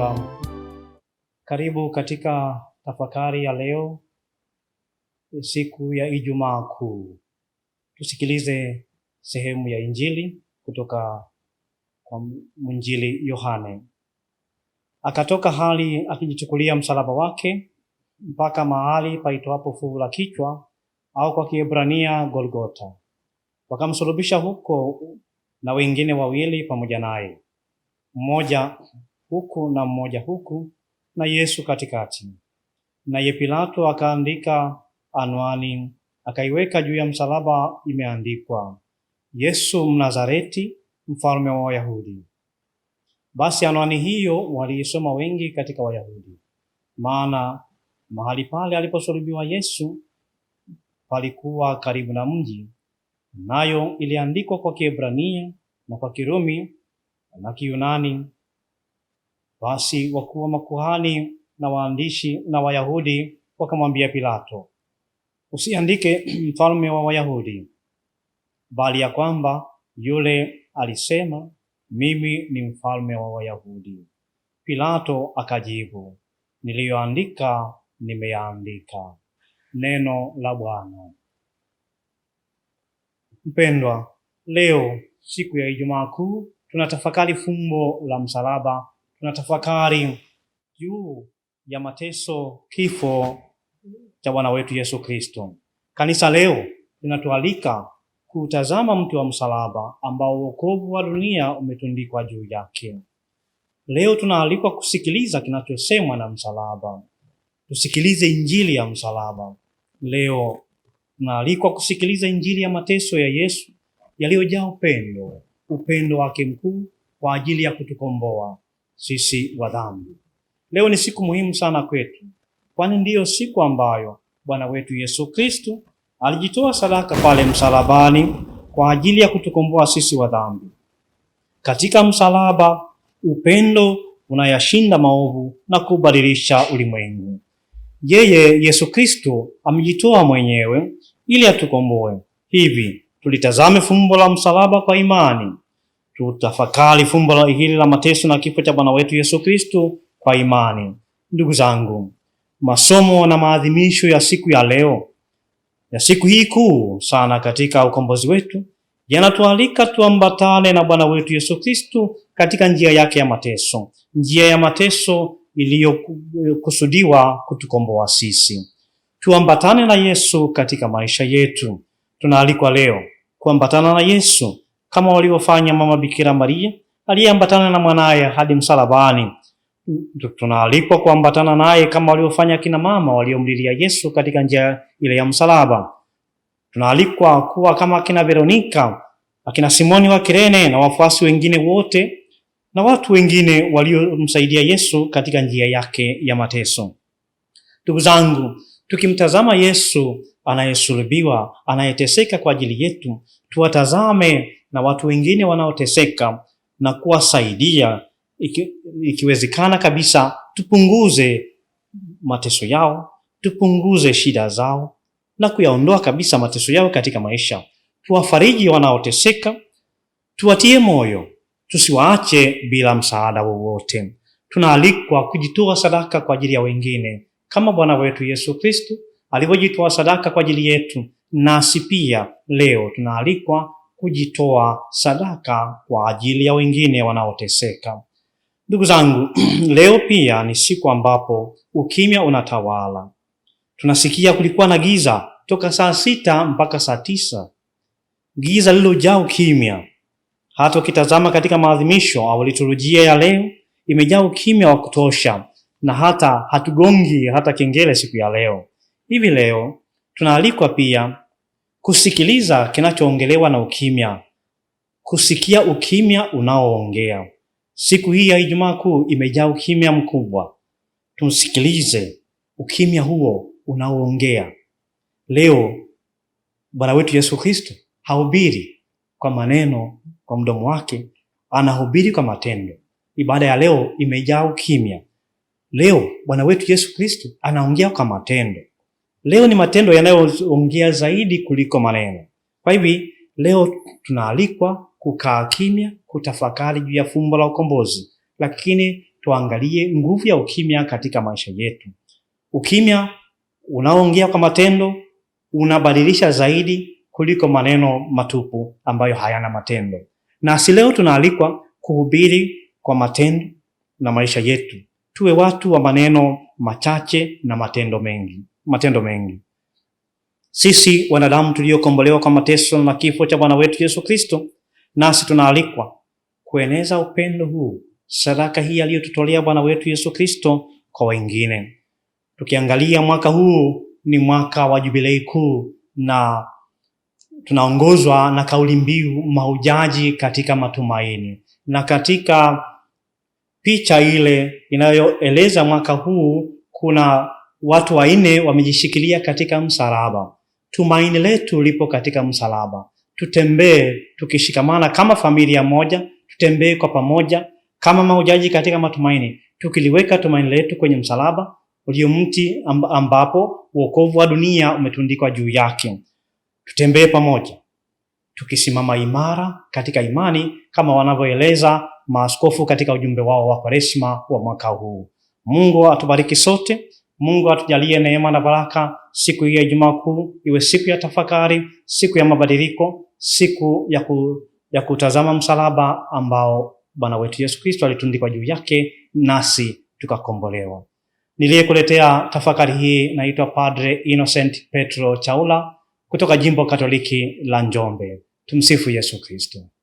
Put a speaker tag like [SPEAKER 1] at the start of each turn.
[SPEAKER 1] wao. Karibu katika tafakari ya leo, siku ya Ijumaa Kuu. Tusikilize sehemu ya Injili kutoka kwa mwinjili Yohane. Akatoka hali akijichukulia msalaba wake mpaka mahali paitwapo fuvu la kichwa, au kwa Kiebrania Golgota. Wakamsulubisha huko na wengine wawili pamoja naye, mmoja huku na mmoja huku na Yesu katikati. Naye Pilato akaandika anwani, akaiweka juu ya msalaba, imeandikwa Yesu Mnazareti, mfalme wa Wayahudi. Basi anwani hiyo waliisoma wengi katika Wayahudi, maana mahali pale aliposulubiwa Yesu palikuwa karibu na mji, nayo iliandikwa kwa Kiebrania na kwa Kirumi na Kiyunani basi wakuu wa makuhani na waandishi na Wayahudi wakamwambia Pilato, usiandike mfalme wa Wayahudi, bali ya kwamba yule alisema mimi ni mfalme wa Wayahudi. Pilato akajibu, niliyoandika nimeyaandika. Neno la Bwana. Mpendwa, leo siku ya Ijumaa Kuu tunatafakari fumbo la msalaba tunatafakari juu ya mateso, kifo cha Bwana wetu Yesu Kristo. Kanisa leo linatualika kutazama mti wa msalaba ambao wokovu wa dunia umetundikwa juu yake. Leo tunaalikwa kusikiliza kinachosemwa na msalaba, tusikilize injili ya msalaba. Leo tunaalikwa kusikiliza injili ya mateso ya Yesu yaliyojaa upendo, upendo wake mkuu kwa ajili ya kutukomboa sisi wa dhambi. Leo ni siku muhimu sana kwetu, kwani ndiyo siku ambayo Bwana wetu Yesu Kristu alijitoa sadaka pale msalabani kwa ajili ya kutukomboa sisi wa dhambi. Katika msalaba, upendo unayashinda maovu na kubadilisha ulimwengu. Yeye Yesu Kristo amejitoa mwenyewe ili atukomboe. Hivi tulitazame fumbo la msalaba kwa imani, tutafakari fumbo hili la mateso na kifo cha Bwana wetu Yesu Kristu kwa imani. Ndugu zangu, masomo na maadhimisho ya siku ya leo ya siku hii kuu sana katika ukombozi wetu yanatualika tuambatane na Bwana wetu Yesu Kristu katika njia yake ya mateso, njia ya mateso iliyokusudiwa kutukomboa sisi. Tuambatane na Yesu katika maisha yetu. Tunaalikwa leo kuambatana na Yesu kama walivyofanya mama Bikira Maria aliyeambatana na mwanaye hadi msalabani. Tunaalikwa kuambatana naye kama walivyofanya kina mama waliomlilia Yesu katika njia ile ya msalaba. Tunaalikwa kuwa kama akina Veronika, akina Simoni wa Kirene na wafuasi wengine wote na watu wengine waliomsaidia Yesu katika njia yake ya mateso. Ndugu zangu, tukimtazama Yesu anayesulubiwa, anayeteseka kwa ajili yetu, tuwatazame na watu wengine wanaoteseka na kuwasaidia iki, ikiwezekana kabisa tupunguze mateso yao, tupunguze shida zao na kuyaondoa kabisa mateso yao katika maisha. Tuwafariji wanaoteseka, tuwatie moyo, tusiwaache bila msaada wowote. Tunaalikwa kujitoa sadaka kwa ajili ya wengine kama Bwana wetu Yesu Kristo alivyojitoa sadaka kwa ajili yetu, nasi pia leo tunaalikwa kujitoa sadaka kwa ajili ya wengine wanaoteseka. Ndugu zangu, leo pia ni siku ambapo ukimya unatawala. Tunasikia kulikuwa na giza toka saa sita mpaka saa tisa, giza lilojaa ukimya. Hata ukitazama katika maadhimisho au liturujia ya leo imejaa ukimya wa kutosha, na hata hatugongi hata kengele siku ya leo. Hivi leo tunaalikwa pia kusikiliza kinachoongelewa na ukimya, kusikia ukimya unaoongea. Siku hii ya Ijumaa Kuu imejaa ukimya mkubwa. Tumsikilize ukimya huo unaoongea. Leo Bwana wetu Yesu Kristo hahubiri kwa maneno, kwa mdomo wake, anahubiri kwa matendo. Ibada ya leo imejaa ukimya. Leo Bwana wetu Yesu Kristo anaongea kwa matendo. Leo ni matendo yanayoongea zaidi kuliko maneno. Kwa hivi leo tunaalikwa kukaa kimya, kutafakari juu ya fumbo la ukombozi, lakini tuangalie nguvu ya ukimya katika maisha yetu. Ukimya unaoongea kwa matendo unabadilisha zaidi kuliko maneno matupu ambayo hayana matendo. Na si leo tunaalikwa kuhubiri kwa matendo na maisha yetu. Tuwe watu wa maneno machache na matendo mengi matendo mengi. Sisi wanadamu tuliokombolewa kwa mateso na kifo cha Bwana wetu Yesu Kristo, nasi tunaalikwa kueneza upendo huu, sadaka hii aliyotutolea Bwana wetu Yesu Kristo kwa wengine. Tukiangalia mwaka huu ni mwaka wa jubilei kuu, na tunaongozwa na kauli mbiu mahujaji katika matumaini, na katika picha ile inayoeleza mwaka huu kuna watu wanne wamejishikilia katika msalaba. Tumaini letu lipo katika msalaba. Tutembee tukishikamana kama familia moja, tutembee kwa pamoja kama mahujaji katika matumaini, tukiliweka tumaini letu kwenye msalaba ulio mti ambapo wokovu wa dunia umetundikwa juu yake. Tutembee pamoja tukisimama imara katika imani kama wanavyoeleza maaskofu katika ujumbe wao wa Kwaresma wa mwaka huu. Mungu atubariki sote. Mungu atujalie neema na baraka. Siku hii ya Ijumaa Kuu iwe siku ya tafakari, siku ya mabadiliko, siku ya, ku, ya kutazama msalaba ambao Bwana wetu Yesu Kristo alitundikwa juu yake nasi tukakombolewa. Niliyekuletea tafakari hii naitwa Padre Innocent Petro Chaula kutoka Jimbo Katoliki la Njombe. Tumsifu Yesu Kristo.